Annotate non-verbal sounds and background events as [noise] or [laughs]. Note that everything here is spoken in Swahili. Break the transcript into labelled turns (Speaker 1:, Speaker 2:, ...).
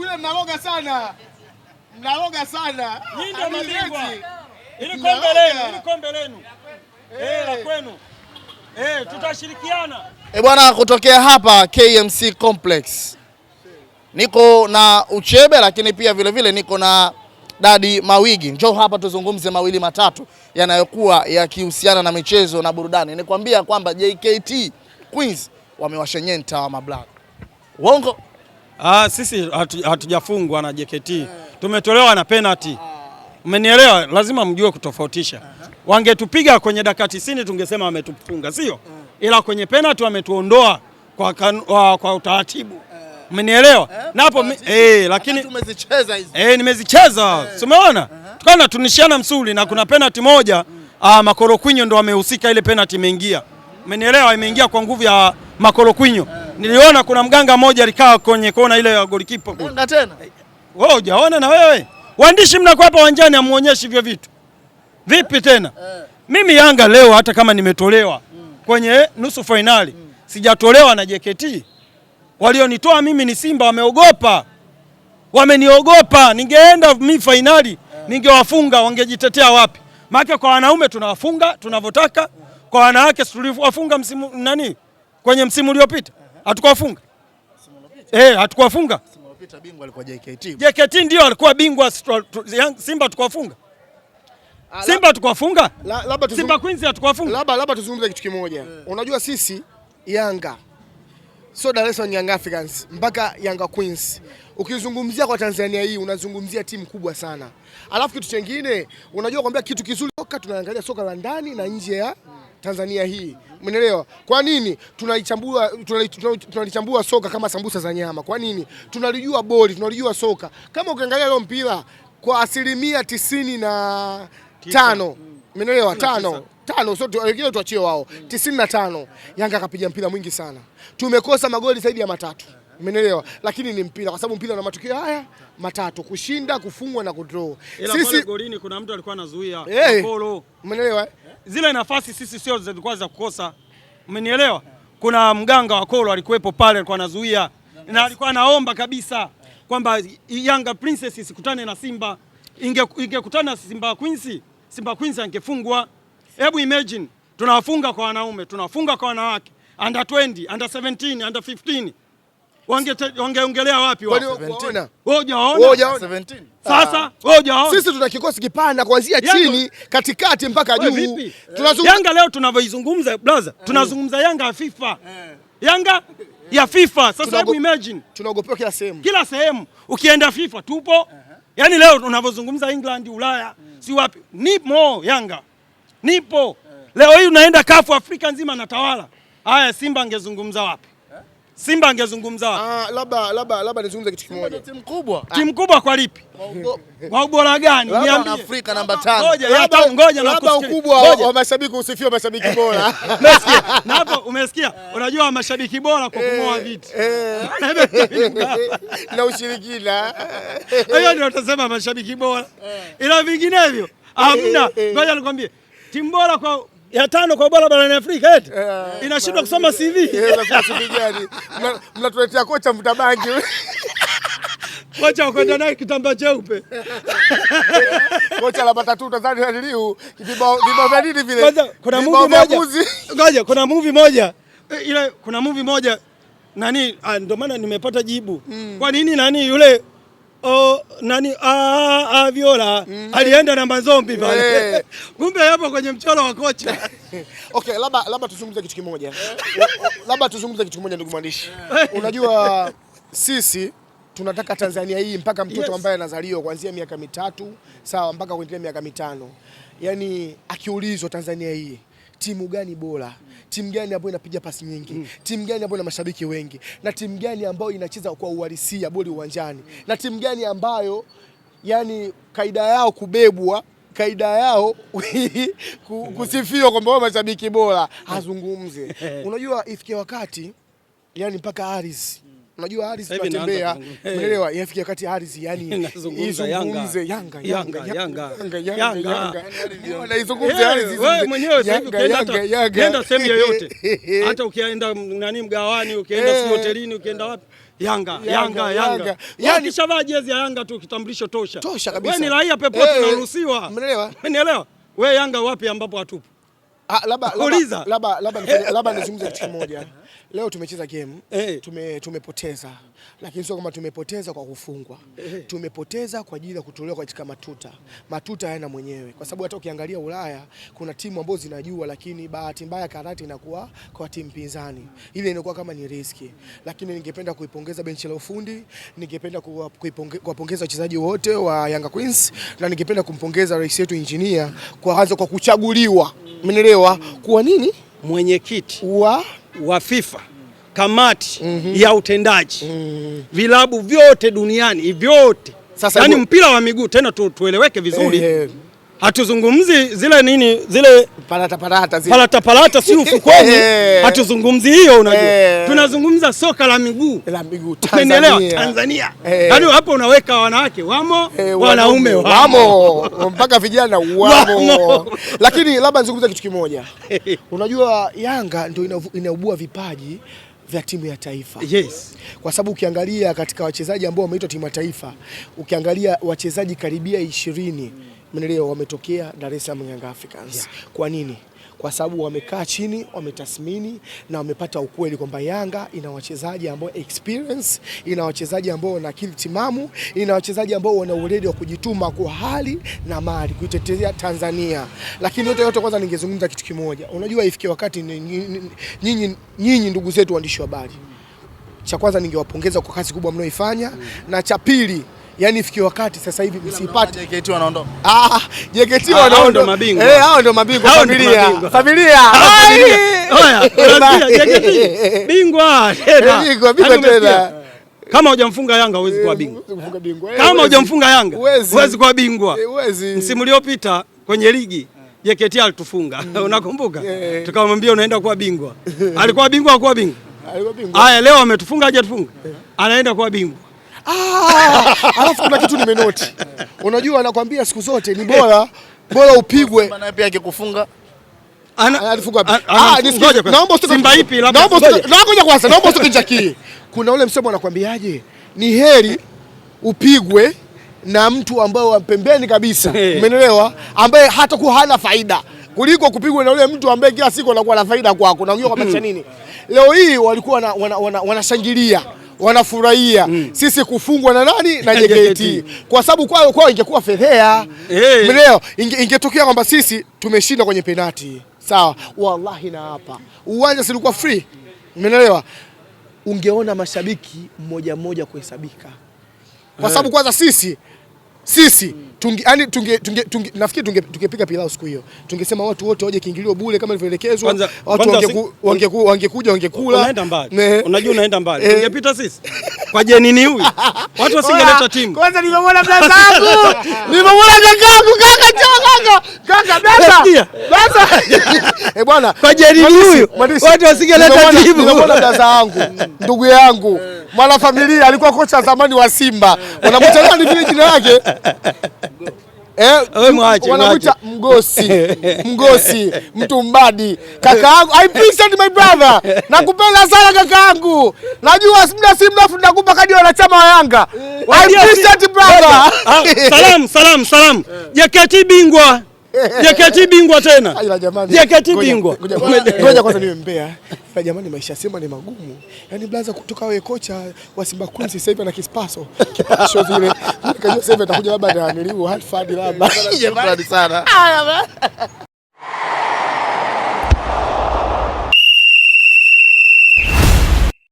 Speaker 1: sababu ile mnaloga sana, mnaloga sana. Nyinyi ndio mabingwa. Ili kombe lenu, ili kombe lenu eh. eh, la kwenu. Eh, tutashirikiana. Eh, bwana kutokea hapa KMC Complex niko na Uchebe lakini pia vile vile niko na Dadi Mawigi. Njoo hapa tuzungumze mawili matatu yanayokuwa yakihusiana na michezo na burudani. Nikwambia kwamba JKT Queens wamewashenyenta wa mablack. Uongo?
Speaker 2: Ah, sisi hatujafungwa hatu na JKT yeah. Tumetolewa na penalty. Umenielewa? Lazima mjue kutofautisha. uh -huh. Wangetupiga kwenye dakika 90 tungesema wametufunga, sio? Ila kwenye penalty wametuondoa kwa, kwa, kwa utaratibu umenielewa? uh Na hapo eh, lakini tumezicheza hizo eh, nimezicheza eh. umeona? uh eh. -huh. Tukawa msuli na Kuna penalty moja uh ah, Makoro Kwinyo ndo amehusika ile penalty imeingia, umenielewa? Imeingia kwa nguvu ya Makoro Kwinyo niliona kuna mganga mmoja alikaa kwenye kona ile ya golikipa
Speaker 3: kule. Na tena
Speaker 2: wewe hujaona na wewe waandishi mnakuwa hapa uwanjani amuonyeshi hivyo vitu vipi tena eh. Mimi Yanga leo hata kama nimetolewa mm. kwenye nusu fainali mm. sijatolewa na JKT. Walionitoa mimi ni Simba, wameogopa, wameniogopa. Ningeenda mi fainali eh. ningewafunga, wangejitetea wapi? Maana kwa wanaume tunawafunga tunavyotaka, kwa wanawake tuliwafunga msimu nani kwenye msimu uliopita eh hatukuwafunga eh, hatukuwafunga JKT. JKT ndio alikuwa bingwa Simba, tukawafunga ah, Simba, tukawafunga Simba Queens, hatukuwafunga.
Speaker 1: Labda labda tuzungumze kitu kimoja, eh. unajua sisi Yanga sio Dar es Salaam Young Africans mpaka Yanga Queens. Ukizungumzia kwa Tanzania hii unazungumzia timu kubwa sana, alafu kitu chengine unajua kwambia kitu kizuri soka, tunaangalia soka la ndani na nje ya Tanzania hii, umeelewa? Kwa nini tunaichambua tunalichambua soka kama sambusa za nyama? Kwa nini tunalijua boli, tunalijua soka? Kama ukiangalia leo mpira kwa asilimia tisini na tano hmm. umeelewa, tano tano sio wengine, tuachie wao, hmm. tisini na tano Yanga akapiga mpira mwingi sana, tumekosa magoli zaidi ya matatu Umeelewa? Lakini ni mpira kwa sababu mpira na matukio haya matatu, kushinda, kufungwa na kudraw.
Speaker 2: Sisi golini kuna mtu alikuwa anazuia golo. Eh. Umeelewa? zile nafasi sisi sio zilikuwa za kukosa, umenielewa? Kuna mganga wa Kolo alikuwepo pale, alikuwa anazuia na alikuwa anaomba kabisa kwamba Yanga Princess isikutane na Simba. Ingekutana inge Simba Queens, Simba Queens angefungwa. Hebu imagine tunawafunga kwa wanaume, tunawafunga kwa wanawake, under 20, under 17, under 15 wangeongelea wapi sasa?
Speaker 1: Ah. Sisi tuna kikosi kipana kuanzia chini katikati mpaka juu.
Speaker 2: Yanga leo tunavyoizungumza brother, eh. tunazungumza Yanga ya FIFA, eh. Yanga ya FIFA. Sasa hebu imagine,
Speaker 1: tunaogopewa kila sehemu,
Speaker 2: kila sehemu ukienda FIFA tupo. Eh. Yaani leo unavyozungumza England, Ulaya, hmm. si wapi, nipo Yanga, nipo leo hii unaenda kafu Afrika nzima natawala. Haya, Simba angezungumza wapi? Simba angezungumza wapi?
Speaker 1: Ah, labda labda labda nizungumze kitu kimoja. Timu
Speaker 2: kubwa. Ah. Timu kubwa kwa lipi? Kwa ubora gani?
Speaker 1: Niambie. Afrika namba 5. Ngoja, ngoja na kusikia. Ukubwa wa mashabiki usifiwe mashabiki bora. [laughs]
Speaker 2: Umesikia? Na hapo umesikia? Unajua wa mashabiki bora kwa eh, kumoa viti. Eh.
Speaker 1: [laughs] Na ushirikina.
Speaker 2: Hiyo ndio tutasema mashabiki bora. Eh. Ila vinginevyo hamna. Ngoja nikwambie. Timu bora kwa ya tano kwa bora barani Afrika eti yeah, eh, inashindwa kusoma CV.
Speaker 1: Eh, mnatuletea kocha mtabangi
Speaker 2: [laughs] kocha kwenda naye kitambaa cheupe eh,
Speaker 1: kocha la matatu tazani aliliu vibao vibao vya nini vile. Kwanza
Speaker 2: Kuna movie moja ngoja, kuna movie moja ile, kuna movie moja nani, ah, ndio maana nimepata jibu mm. Kwa nini nani yule Oh, nani ah, ah, Viola mm. alienda na mazombi pale eh. [laughs] Kumbe hapo kwenye mchoro wa kocha
Speaker 1: [laughs] okay, labda labda tuzungumze kitu kimoja eh. labda tuzungumze kitu kimoja ndugu mwandishi eh. Unajua sisi tunataka Tanzania hii mpaka mtoto yes. ambaye anazaliwa kuanzia miaka mitatu sawa mpaka kuendelea miaka mitano, yaani akiulizwa Tanzania hii timu gani bora, timu gani ambayo inapiga pasi nyingi mm. timu gani ambayo ina mashabiki wengi, na timu gani ambayo inacheza kwa uhalisia boli uwanjani, mm. na timu gani ambayo yani kaida yao kubebwa kaida yao [laughs] kusifiwa kwamba wao mashabiki bora hazungumze. Mm. [laughs] Unajua ifikie wakati yani mpaka Aris mm unajua ardhi tunatembea, unaelewa, inafikia wakati ardhi yani [laughs] izungumze Yanga,
Speaker 2: Yanga, Yanga, Yanga, unaizungumza yaani ardhi wewe mwenyewe. Sasa ukienda ukienda sehemu yoyote, [laughs] hata ukienda nani mgawani, ukienda si hotelini, ukienda wapi Yanga, Yanga, Yanga. Yaani ukishavaa jezi ya Yanga tu kitambulisho tosha. Tosha kabisa. Wewe ni raia popote unaruhusiwa. Umeelewa? Umeelewa? Wewe Yanga wapi ambapo hatupo?
Speaker 1: Ah, labda labda labda nizungumze kitu kimoja. Leo tumecheza game hey. Eh. Tume, tumepoteza lakini sio kama tumepoteza kwa kufungwa hey. Eh. Tumepoteza kwa ajili ya kutolewa katika matuta. Matuta hayana mwenyewe, kwa sababu hata ukiangalia Ulaya kuna timu ambazo zinajua, lakini bahati mbaya karate inakuwa kwa timu pinzani, ile inakuwa kama ni riski. Lakini ningependa kuipongeza benchi la ufundi, ningependa kuwapongeza wachezaji wote wa Yanga Queens na ningependa kumpongeza rais yetu engineer kwa kwa kuchaguliwa, mnelewa kuwa nini
Speaker 2: mwenyekiti wa wa FIFA kamati mm -hmm. ya utendaji mm -hmm. vilabu vyote duniani vyote, sasa yani mpira wa miguu tena tu, tueleweke vizuri hey, hey hatuzungumzi zile nini zile palata palata zile palata palata, si [laughs] ufukweni eh. hatuzungumzi hiyo. Unajua, eh. tunazungumza soka la miguu la miguu, umeelewa? Tanzania eh. yaani hapo unaweka wanawake wamo, wanaume
Speaker 1: wamo, mpaka vijana [laughs] wamo. Lakini labda nizungumze kitu kimoja, [laughs] unajua Yanga ndio inaubua vipaji vya timu ya taifa. Yes. Kwa sababu ukiangalia katika wachezaji ambao wameitwa timu ya taifa, ukiangalia wachezaji karibia ishirini mneleo wametokea Dar es Salaam Young Africans yeah. Kwa nini? Kwa sababu wamekaa chini, wametathmini na wamepata ukweli kwamba Yanga ina wachezaji ambao experience, ina wachezaji ambao wana akili timamu, ina wachezaji ambao wana uredi wa kujituma kwa hali na mali kuitetea Tanzania. Lakini yote yote, kwanza ningezungumza kitu kimoja. Unajua ifike wakati nyinyi nyinyi, ndugu zetu waandishi wa habari, cha kwanza ningewapongeza kwa kazi kubwa mnaoifanya mm. na cha pili yani ifikie wakati sasa hivi msipate
Speaker 2: JKT wanaondoka.
Speaker 1: Ah, JKT ah, wanaondoka mabingwa. Eh, hao ndio mabingwa familia. Familia. Haya, [laughs] bingwa tena. Bingwa bingwa yaani tena.
Speaker 2: Kama hujamfunga Yanga huwezi kuwa eh, bingwa. Eh, Kama hujamfunga Yanga huwezi kuwa bingwa. Eh, Msimu uliopita kwenye ligi JKT alitufunga. Mm. [laughs] Unakumbuka? Tukamwambia unaenda kuwa bingwa. [laughs] Alikuwa bingwa, hakuwa bingwa. Alikuwa bingwa. Haya, leo ametufunga hajatufunga. Anaenda kuwa bingwa
Speaker 1: ah, alafu kuna kitu nimenoti. Unajua, anakwambia siku zote ni bora bora upigwe. Maana yapi yake kufunga ngoja kwanza, naomba usitoke nje Kuna ule msemo anakwambiaje, ni heri upigwe na mtu ambaye wa pembeni kabisa, umeelewa, ambaye hata kuwa hana faida kuliko kupigwa na yule mtu ambaye kila siku anakuwa na faida kwako. Na Unajua kwa maana hmm. nini? Leo hii walikuwa wanashangilia wana, wana, wana wanafurahia mm. sisi kufungwa na nani na [laughs] JKT kwa sababu kwao kwao ingekuwa fedhea hey. ingetokea kwamba sisi tumeshinda kwenye penati sawa, wallahi na hapa uwanja silikuwa free, umeelewa? Ungeona mashabiki mmoja mmoja kuhesabika kwa sababu kwanza sisi sisi tunge, yani tunge, tunge, tunge, nafikiri tunge, tungepiga pilau siku hiyo, tungesema watu wote waje kiingilio bure kama ilivyoelekezwa, watu wangekuja wangekula. Unaenda
Speaker 2: mbali, unajua unaenda mbali, [laughs] eh. tungepita sisi kwa jenini huyu, watu [laughs] wasingeleta timu. Kwanza nimemwona [laughs] kaka zangu, nimemwona kaka zangu, kaka Kaka dada. [laughs] eh bwana, huyu watu wasingeleta timu. [laughs] dada yangu, ndugu yangu, mwana familia alikuwa kocha zamani wa Simba. Wanamuita nani vile jina lake? [laughs] Eh, wanamuita Mgosi, Mgosi, mtu mbadi. Kakaangu, I appreciate my brother. Nakupenda sana kakaangu. Najua muda si mrefu nakupa kadi wanachama wa Yanga. I appreciate brother. Ah, salam, salam, eh. Jaketi bingwa. [laughs] JKT bingwa tena. JKT bingwa.
Speaker 1: Ngoja kwanza niwe mbea. Na jamani, maisha Simba ni magumu. Yaani blaza, kutoka wewe kocha wa Simba Queens sasa hivi ana kispaso. Kipasho vile. Kajua sasa hivi atakuja labda na niliu Hartford labda. Jamani [laughs] sana.